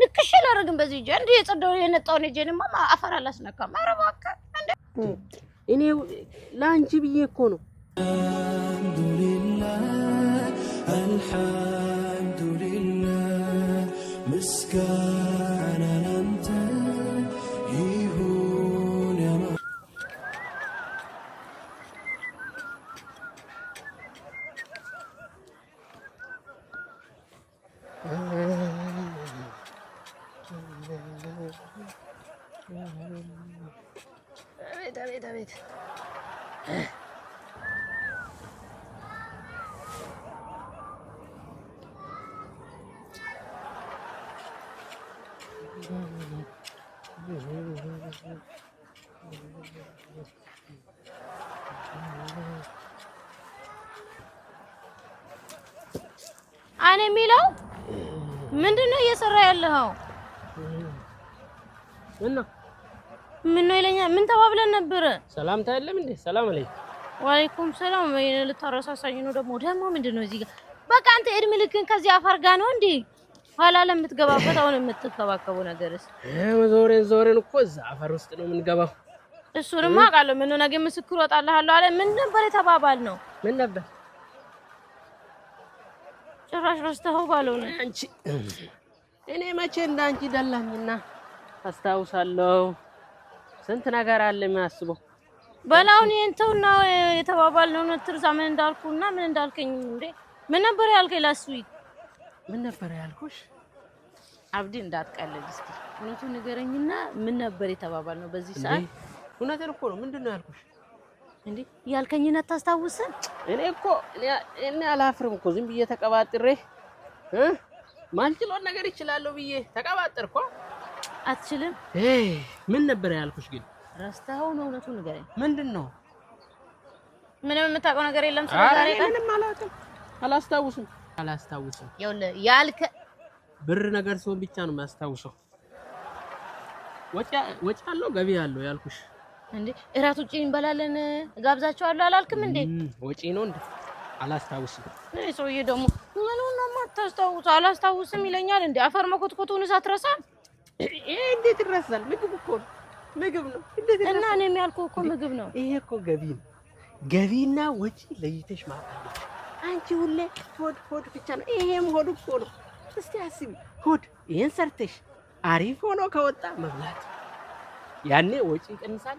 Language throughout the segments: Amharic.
ንክሽ አላደርግም። በዚህ እጄ እንደ የጸዳው የነጣውን እጄንማ አፈር አላስነካም። ኧረ እባክህ እኔ ለአንቺ ብዬ እኮ ነው። አልሐምዱሊላህ ምስጋና አቤት አቤት የሚለው ምንድነው እየሰራ ያለኸው? እና ምን ነው ይለኛል። ምን ተባብለን ነበረ? ሰላምታ የለም እንዴ? ሰላም አለይኩም። ወአለይኩም ሰላም። ልታረሳሳኝ ነው ደግሞ። ደግሞ ምንድን እዚህ ጋር? በቃ አንተ እድሜ ልክን ከዚህ አፈር ጋር ነው እንዴ? ኋላ ለምትገባበት አሁን የምትከባከበው ነገርስ? ዞሬን ዞሬን እኮ እዛ አፈር ውስጥ ነው የምንገባው። እሱንማ አውቃለሁ። ምን ነገ ምስክር እወጣልሃለሁ አለ። ምን ነበር የተባባል ነው? ምን ነበር ጭራሽ ረስተኸው ባልሆነ አንቺ እኔ መቼ እንዳንቺ ደላኝና አስታውሳለሁ። ስንት ነገር አለ የሚያስበው በላውን የንተውና የተባባልነው ነው። ትርዛ ምን እንዳልኩና ምን እንዳልከኝ እንዴ? ምን ነበር ያልከኝ? ላስቱ ምን ነበር ያልኩሽ? አብዲ እንዳትቀልድ እስኪ እውነቱን ንገረኝና ምን ነበር የተባባልነው በዚህ ሰዓት? እውነቴን እኮ ነው። ምንድን ነው ያልኩሽ? እንዴ ያልከኝን አታስታውስም? እኔ እኮ እኔ አላፍርም እኮ ዝም ብዬ ተቀባጥሬ እ ነገር ይችላለሁ ብዬ ተቀባጥርኳ። አትችልም። ምን ነበር ያልኩሽ? ግን ረስተኸው ነው? እውነቱን ንገረኝ። ምንድን ነው? ምንም የምታውቀው ነገር የለም ስለዛሬ ቀን? ምንም አላውቅም። አላስታውስም፣ አላስታውስም። ይኸውልህ ያልከ ብር ነገር ሲሆን ብቻ ነው የሚያስታውሰው። ወጪ አለው ገቢ አለው ያልኩሽ እንዴ እራት ውጪ እንበላለን፣ ጋብዛቸዋለሁ አላልክም እንዴ? ወጪ ነው እንዴ? አላስታውስም። እኔ ሰውዬ ደግሞ ምን ነው የማታስታውስ? አላስታውስም ይለኛል እንዴ? አፈር መኮትኮቱን ሳትረሳ ይሄ እንዴት ይረሳል? ምግብ እኮ ምግብ ነው። እንዴት ይረሳል? እና እኔም ያልኩህ እኮ ምግብ ነው። ይሄ እኮ ገቢ ነው። ገቢና ወጪ ለይተሽ ማጣለሽ አንቺ። ሁሌ ሆድ ሆድ ብቻ ነው። ይሄም ሆድ እኮ ነው። እስቲ አስቢ፣ ሆድ ይሄን ሰርተሽ አሪፍ ሆኖ ከወጣ መብላት፣ ያኔ ወጪ ይቀንሳል።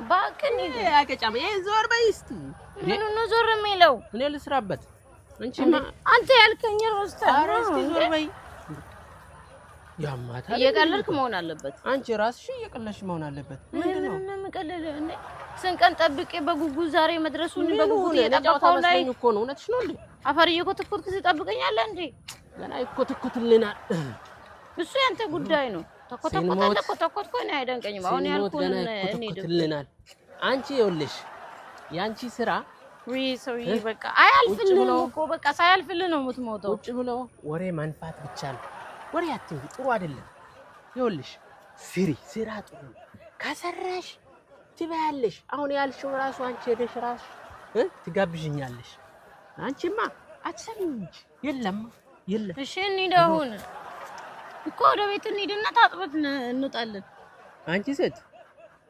እባክህ አገጫማ ዞር በይ እስኪ። ምኑን ነው ዞር የሚለው? እኔ ልስራበት። አንቺማ አንተ ያልከኝ ዞር በይ። ያማታል። እየቀለልክ መሆን አለበት። አንቺ እራስሽ እየቀለልሽ መሆን አለበት። ምንድን ነው የምቀልልህ? ስንቀን ጠብቄ በጉጉት ዛሬ መድረሱን በጉጉት እየጠበቀው ላይ እኮ ነው። እውነትሽ ነው እንዴ? አፈር እየኮተኮትክ ትጠብቀኛለህ እንዴ? ገና ይኮተኮትልናል። እሱ ያንተ ጉዳይ ነው። ስንሞት ገና ይኮተኮትልናል። አንቺ ይኸውልሽ የአንቺ ስራ በቃ አያልፍልህ እኮ በቃ ሳያልፍልህ ነው የምትሞተው። ቁጭ ብሎ ወሬ መንፋት ብቻ ነው። ወሬ አትንቢ፣ ጥሩ አይደለም። ይኸውልሽ ስሪ፣ ስራ ጥሩ ከሰራሽ ትበያለሽ። አሁን ያልሽው ራሱ አንቺ ሄደሽ ራሱ ትጋብዥኛለሽ። አንቺማ አትሰሚኝ እንጂ የለም፣ የለም። እሺ እንሂድ አሁን እኮ ወደ ቤት እንሂድና ታጥበት እንውጣለን። አንቺ ሴት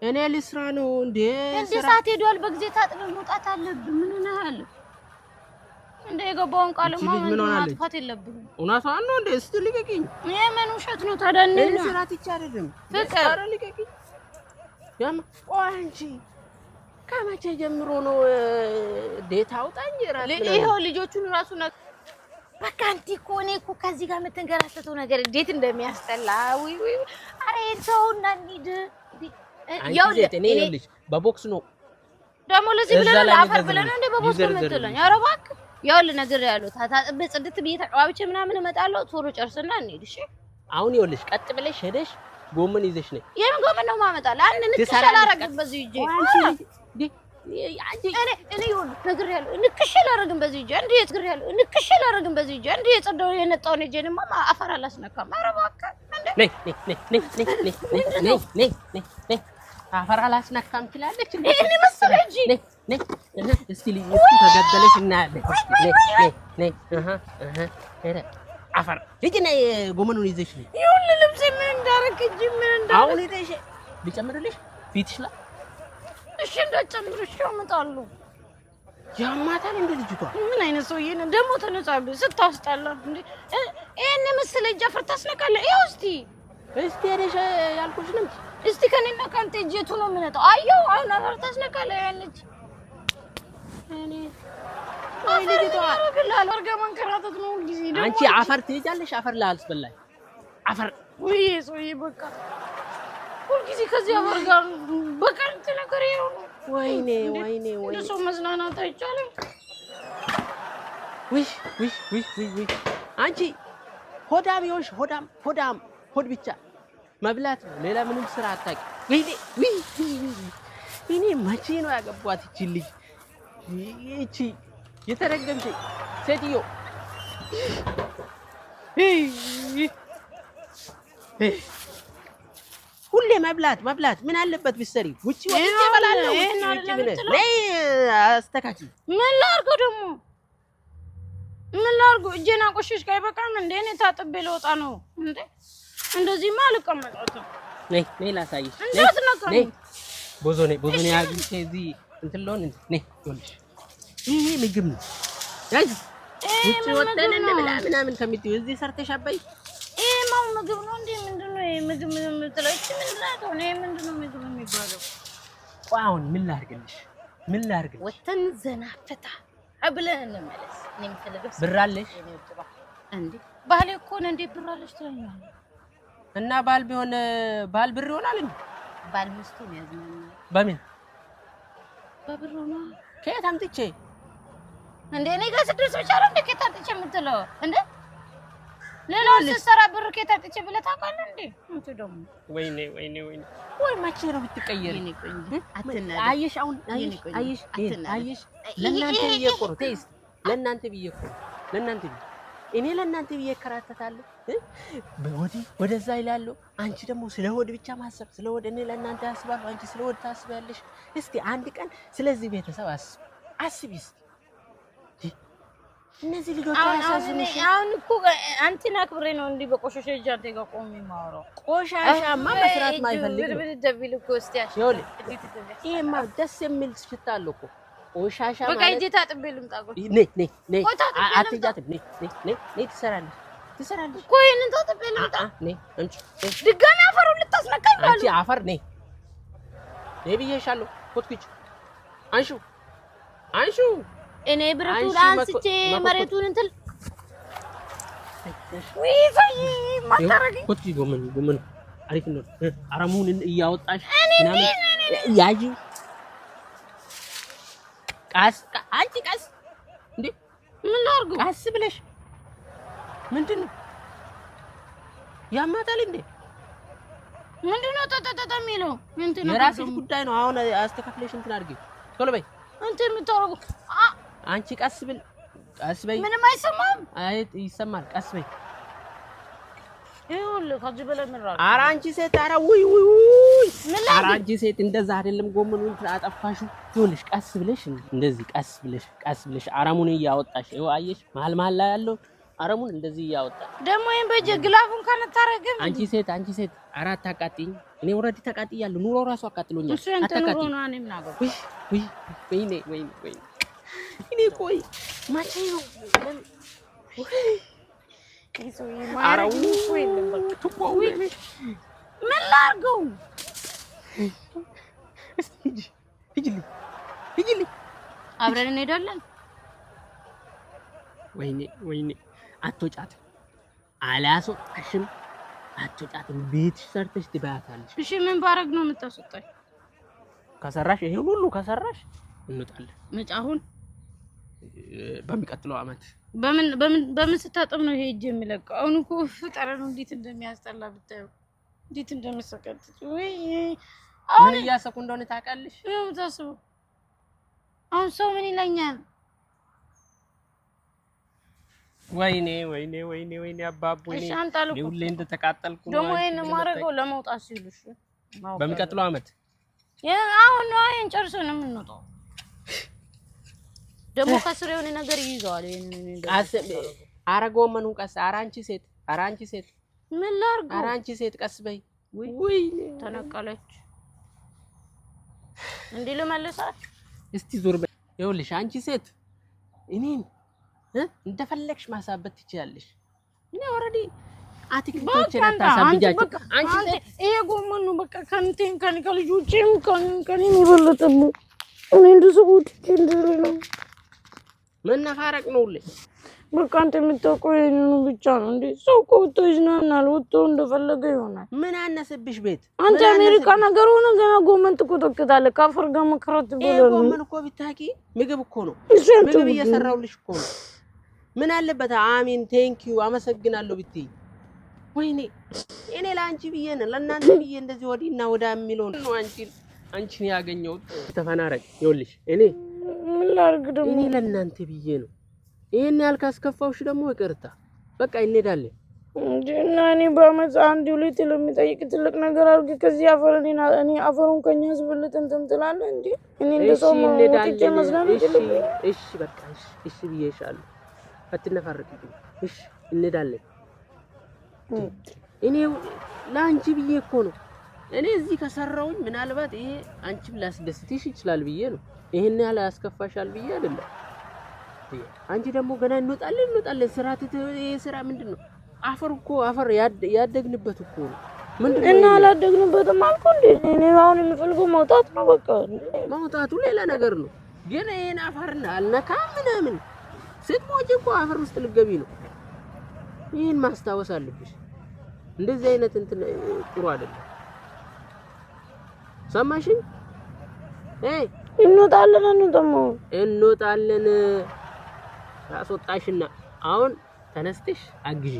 እኔ ልስራ ነው እንዴ? እንደ ሰዓት ሄዷል። በጊዜ ታጥበን መውጣት አለብን። ምን ሆነህ አለ እንደ የገባውን ቃል ማጥፋት የለብህም። እውነቷን ነው እንዴ? እስቲ ልቀቂኝ። ይሄ ምን ውሸት ነው ታዲያ? እኔ ልስራ ትቼ አይደለም ፍቅር፣ ልቀቂኝ። ያማ ቆይ አንቺ ከመቼ ጀምሮ ነው ዴታ አውጣኝ? ይኸው ልጆቹን ራሱ ነክ በቃ አንቺ እኮ እኔ እኮ ከዚህ ጋር የምትንገራተተው ነገር እንዴት እንደሚያስጠላ። ኧረ ሰው እና እንሂድ። ይኸውልሽ በቦክስ ነው ደግሞ ለዚህ ብለህ አፈር ብለህ ነው እንደ በቦክስ ነው የምትለኝ? ኧረ እባክህ ይኸውልህ ነግሬሃለሁ። ታጥቤ ጽድት ብዬሽ ተቀባብቼ ምናምን እመጣለሁ። ቶሎ ጨርስና እንሂድ። እሺ አሁን ይኸውልሽ ቀጥ ብለሽ ሄደሽ ጎመን ይዘሽ ነይ። የምን ጎመን ነው የማመጣልህ? አንድ ንክሻ አላደርግም በዚህ ይዤ እኔ ይኸውልህ ነግሬሃለሁ፣ ንክሽ አላደርግም በዚህ እጄ እንደ ነግሬሃለሁ፣ በዚህ የነጣውን እጄንማ አፈር አላስነካም። ፊትሽ ላይ እሺ እንዳጨልሽ ያመጣሉ። ያማታል እንደ ልጅቷ። ምን አይነት ሰውዬ ነው ደግሞ? ተነጻሉ ስታስጠላ። እንዴ ይሄን ምስል እጅ አፈር ታስነካለህ። ይኸው እስቲ እስቲ ሄደሽ ያልኩሽ ነው። እስቲ ከኔና ካንተ እጅ የቱ ነው የምነጣው? አየው አሁን አፈር ታስነካለህ ያለች እኔ አንቺ አፈር ትሄጃለሽ። አፈር ላልስ በላይ አፈር ውይ ሰውዬ በቃ ሁልጊዜ ከዚህ አበር ጋር በቀንት ነገር ወይኔ ወይኔ ሰው መዝናናት አይቻልም። ውይ ውይ ውይ ውይ ውይ! አንቺ ሆዳም ይኸውልሽ፣ ሆዳም ሆዳም፣ ሆድ ብቻ መብላት ነው፣ ሌላ ምንም ስራ አታውቂም። ውይ ውይ እኔ መቼ ነው ያገቧት ልጅ? እቺ የተረገምሽ ሴትዮ ሁሌ መብላት መብላት ምን አለበት ብትሰሪ? ውጪ ወጥቼ እበላለሁ። ነይ አስተካክል። ምን ላድርገው ደግሞ ምን ላድርገው? እጄን አቆሸሽ ጋር ይበቃም እንዴ? እኔ ታጥቤ ልወጣ ነው እንዴ? እንደዚህማ አልቀመጥም። ነይ ነይ ላሳይሽ። ነይ ቦዞ ነይ ቦዞ ነይ አግኝቼ እዚህ እንትን ልሆን እንዴ? ነይ ይኸውልሽ፣ ይሄ ምግብ ነው። ያይ ውጪ ወጥተን እንብላ ምናምን ከምትይው እዚህ ሰርተሽ አባይ ይሄ ማው ምግብ ነው እንዴ? ምግብ የምትለው ይቺ ምንድን ናት? እኔ ምንድን ነው ምግብ የሚባለው? ቆይ አሁን ምን ላድርግልሽ? ምን ላድርግልሽ? ወተን ዘና ፈታ ብለን እንመለስ። እኔ የምፈልገው ብር አለሽ እንዴ? ባሌ እኮ ነው እንዴ? ብር አለሽ ትለኛለህ። እና ባል ቢሆን ባል ብር ይሆናል እንዴ? ባል ሚስቱን ያዝናናል። በምን በብር ነው? ከየት አምጥቼ እንዴ? እኔ ጋር ስድስት ብቻ ነው እንደ ከየት አምጥቼ የምትለው እንደ ሌላውን ስትሰራ ብር ከየት ብለህ ታውቃለህ እንዴ? ደግሞ ወይኔ ወይኔ ወይኔ ወይ መቼ ነው አየሽ አሁን አየሽ አየሽ ለእናንተ እኮ ነው ለእናንተ እኮ ነው ለእናንተ እኔ ለእናንተ ብዬ እከራተታለሁ። ወደዛ ይላለሁ። አንቺ ደግሞ ስለ ብቻ ማሰብ ስለ ሆድ እኔ ለእናንተ አስባለሁ። አንቺ ስለ ታስቢያለሽ። አንድ ቀን ስለዚህ ቤተሰብ አስቢ አስቢ እነዚህ ልጆች አሁን እኮ አንተን አክብሬ ነው እንዲህ በቆሻሻ እጅ አንተ ጋር ቆሜ የማወራው። ቆሻሻማ መስራት ማይፈልግ ይሄማ ደስ የሚል ሽታ አለው እኮ ቆሻሻ በቃ እጄ ታጥቤ ልምጣ። ትሰራለች ትሰራለች እኮ ይሄንን ታጥቤ ልምጣ። ድጋሚ አፈሩን ልታስነካኝ ባሉ አፈር ነይ ነይ ብዬሻለሁ። ኮትኩች አንሺው አንሺው እኔ ብረቱን አንስቼ መሬቱን እንትል ጎመን ጎመን አሪፍ ነው። አረሙን እያወጣሽ ያዥ ቃስ አንቺ ቃስ እንዴ ምን ላድርጉ? ቃስ ብለሽ ምንድን ነው ያማታል እንዴ? ምንድን ነው ተተተተ የሚለው የራስሽ ጉዳይ ነው። አሁን አስተካክለሽ እንትን አድርጊ ቶሎ በይ እንትን የምታደርጉ አንቺ ቀስ ብል ቀስ በይ። ምንም አይሰማም። አይ ይሰማል። ቀስ በይ። ይኸውልህ ከዚህ በላይ ምን እራሱ ኧረ አንቺ ሴት ኧረ ውይ ውይ ውይ ኧረ አንቺ ሴት እንደዛ አይደለም። ጎመን እንትን አጠፋሽው። ይኸውልሽ ቀስ ብለሽ እንደዚህ ቀስ ብለሽ ቀስ ብለሽ አረሙን እያወጣሽ ይኸው አየሽ፣ መሀል መሀል ላይ ያለው አረሙን እንደዚህ እያወጣሽ ደግሞ ይሄን በጀ ግላፉን ካነታረገም አንቺ ሴት አንቺ ሴት አራ አታቃጥኝ። እኔ ወረዲ ተቃጥያለሁ። ኑሮ ራሱ አቃጥሎኛል። አታቃጥኝ። ወይኔ ወይኔ ወይኔ እኔ ቆይ መቼ ነው ምን ላድርገው? አብረን እንሄዳለን። ወይኔ ወይኔ፣ አትወጫትም፣ አላስወጣሽም፣ አትወጫትም። ቤትሽ ሰርተሽ ትበያታለሽ። እሺ ምን ባረግ ነው የምታስወጣኝ? ከሰራሽ ይሄ ሁሉ ከሰራሽ እንወጣለን። መጫሁን በሚቀጥለው አመት በምን በምን ስታጠብ ነው ይሄ እጅ የሚለቀው? አሁን እኮ ፍጠረ ነው እንዴት እንደሚያስጠላ ብታዩ፣ እንዴት እንደሚሰቀጥጭ። ወይ አሁን እያሰኩ እንደሆነ ታውቃለሽ። ይሄው ታስቡ። አሁን ሰው ምን ይለኛል? ወይኔ ወይኔ ወይኔ ወይኔ አባቡ ሁሌ እንደተቃጠልኩ ደግሞ ይህን ማድረገው ለመውጣት ሲሉሽ በሚቀጥለው አመት አሁን ነው ይሄን ጨርሶ ነው የምንወጣው ደግሞ ከስር የሆነ ነገር ይይዘዋል። አረ ጎመኑን ቀስ አረ አንቺ ሴት አረ አንቺ ሴት ምን ላድርግ? አረ አንቺ ሴት ቀስ በይ። ውይ ተነቀለች። እንዲህ ልመልሳት እስቲ ዞር በይ። ይኸውልሽ አንቺ ሴት እኔን እንደፈለግሽ ማሳበት ትችላለሽ። እኔ ኦልሬዲ አትክልቶችን አታሳብጃቸው። ይሄ ጎመኑ በቃ ከእንትን ከእኔ ከልጆቼም ከእኔም የበለጠ ነው። እኔ እንደዚያ ወድጄ እንደሌላ ነው መነፋረቅ ነውልኝ። በቃ አንተ የምታውቀው ይህንኑ ብቻ ነው እንዴ? ሰው እኮ ወጥቶ ይዝናናል፣ ወጥቶ እንደፈለገ ይሆናል። ምን አነስብሽ? ቤት አንተ አሜሪካ ነገር ሆነ ገና ጎመን ትኮተክታለህ። ከአፈር ጋር መከራት ብለህ ጎመን እኮ ብታውቂ ምግብ እኮ ነው። ምግብ እየሰራሁልሽ እኮ ነው። ምን አለበት? አሚን ቴንኪዩ፣ አመሰግናለሁ ብትይ ወይኔ እኔ ለአንቺ ብዬ ነው ለእናንተ ብዬ እንደዚህ ወዲህ ወዳ የሚለው ነው አንቺን አንቺን ያገኘሁት። ተፈናረቅ ይኸውልሽ እኔ ምን ላድርግ ደግሞ? እኔ ለእናንተ ብዬ ነው። ይሄን ያህል ካስከፋውሽ ደግሞ ይቅርታ፣ በቃ እንሄዳለን። እንደ እና እኔ በአመት አንድ ሊትር የሚጠይቅ ትልቅ ነገር አድርጌ ከዚህ አፈር እኔ አፈሩን ከኛ ህዝብ ልትንትን ትላለህ እንዴ? እኔ እንደ ሰው መውጥቼ መስለን እሺ፣ በቃ እሺ፣ እሺ ብዬሻለሁ። አትነፋረቅ። እሺ፣ እንሄዳለን። እኔ ለአንቺ ብዬ እኮ ነው። እኔ እዚህ ከሰራውኝ ምናልባት ይሄ አንቺም ላስደስትሽ ይችላል ብዬ ነው ይሄን ያህል ያስከፋሻል ብዬ አይደለም። አንቺ ደግሞ ገና እንወጣለን እንወጣለን ስራ ትት ስራ ምንድን ነው? አፈር እኮ አፈር ያደግንበት እኮ ነው። እና አላደግንበትም አልኩ እንዴ። እኔ አሁን የምፈልገው መውጣት ነው። በቃ መውጣቱ ሌላ ነገር ነው። ግን ይሄን አፈርና አልነካ ምናምን ስትሞጪ እኮ አፈር ውስጥ ልገቢ ነው። ይህን ማስታወስ አለብሽ። እንደዚህ አይነት እንትን ጥሩ አይደለም። ሰማሽኝ? እንወጣለን። አሁን እንወጣለን። ታስወጣሽና አሁን ተነስተሽ አግዢ።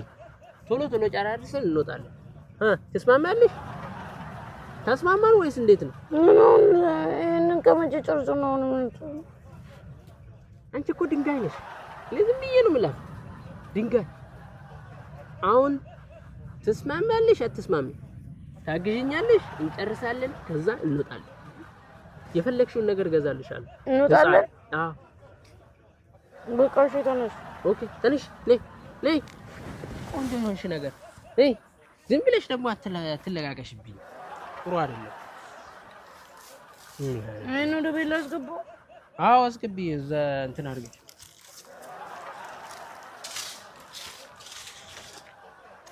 ቶሎ ቶሎ ጨራርሰን እንወጣለን። ትስማማለሽ? ተስማማን ወይስ እንዴት ነው? ምን አሁን ይሄንን ከመቼ ጨርሶ ነው? አንቺ እኮ ድንጋይ ነሽ። ለዚህ ብዬ ነው የምላት ድንጋይ። አሁን ትስማማለሽ? አትስማሚ? ታግዥኛለሽ? እንጨርሳለን፣ ከዛ እንወጣለን። የፈለግሽውን ነገር እገዛልሻለሁ። እንወጣለን። አዎ በቃ እሺ፣ ተነሽ። ኦኬ፣ ተነሽ። ነይ ነይ። ቆንጆ የሆንሽ ነገር ነይ። ዝም ብለሽ ደግሞ አትለጋቀሽብኝ፣ ጥሩ አይደለም። ምን ወደ ቤት ላስገባው? አዎ አስገቢ። እዛ እንትን አድርገሽ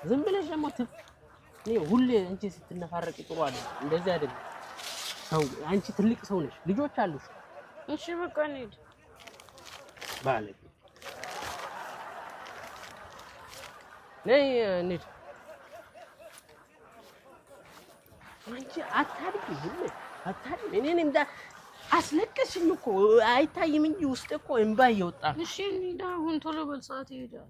ዝም ብለሽ ደግሞ ሁሌ እንጂ ስትነፋረቂ ጥሩ አይደለም። እንደዚህ አይደለም። ሰው አንቺ ትልቅ ሰው ነሽ፣ ልጆች አሉሽ። እሺ በቃ እንሂድ ማለት ነይ እንሂድ። አንቺ አታድቂ አታድቂ። እኔ እኔ እንዳ አስለቀሽኝ እኮ አይታይም እንጂ ውስጥ እኮ እንባ እየወጣ ነው። እሺ እንሂድ አሁን ቶሎ በል፣ ሰዓት ይሄዳል።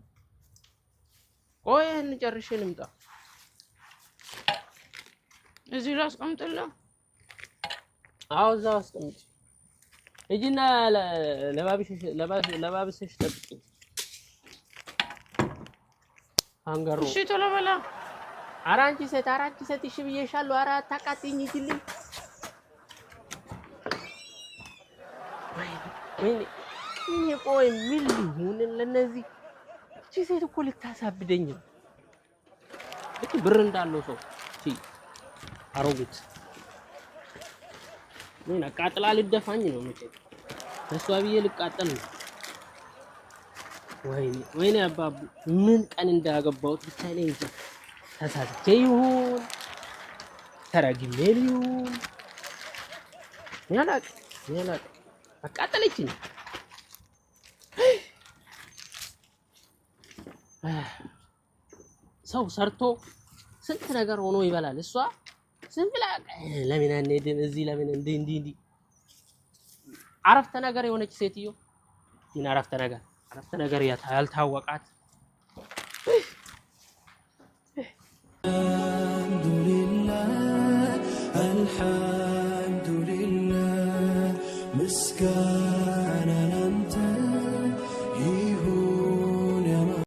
ቆይ እንጨርሽ እንምጣ። እዚህ ላስቀምጥልህ አዎ እዛ ውስጥ እንጂ ሂጂና ጠብቂ። አንገሩ እሺ፣ ቶሎ በላ። ኧረ አንቺ ሴት፣ ኧረ አንቺ ሴት፣ እሺ ብዬሻለሁ። ኧረ አታቃጥኝ። ወይኔ ቆይ፣ ምን ሊሆን ለነዚህ? እቺ ሴት እኮ ልታሳብደኝ፣ ብር እንዳለው ሰው ምን አቃጥላ ልደፋኝ ነው መቼ እሷ ብዬ ልቃጠል ነው። ወይኔ ወይኔ አባቡ ምን ቀን እንዳገባሁት ብቻ ላይ እንጂ ተሳስቼ ይሁን ተረግሜ ይሁን ያላቅ ያላቅ አቃጠለችኝ። ሰው ሰርቶ ስንት ነገር ሆኖ ይበላል እሷ ዝም ለምን አንሄድም እዚህ ለምን እንዲህ እንዲህ እንዲህ አረፍተ ነገር የሆነች ሴትዮ ምን አረፍተ ነገር አረፍተ ነገር ያልታወቃት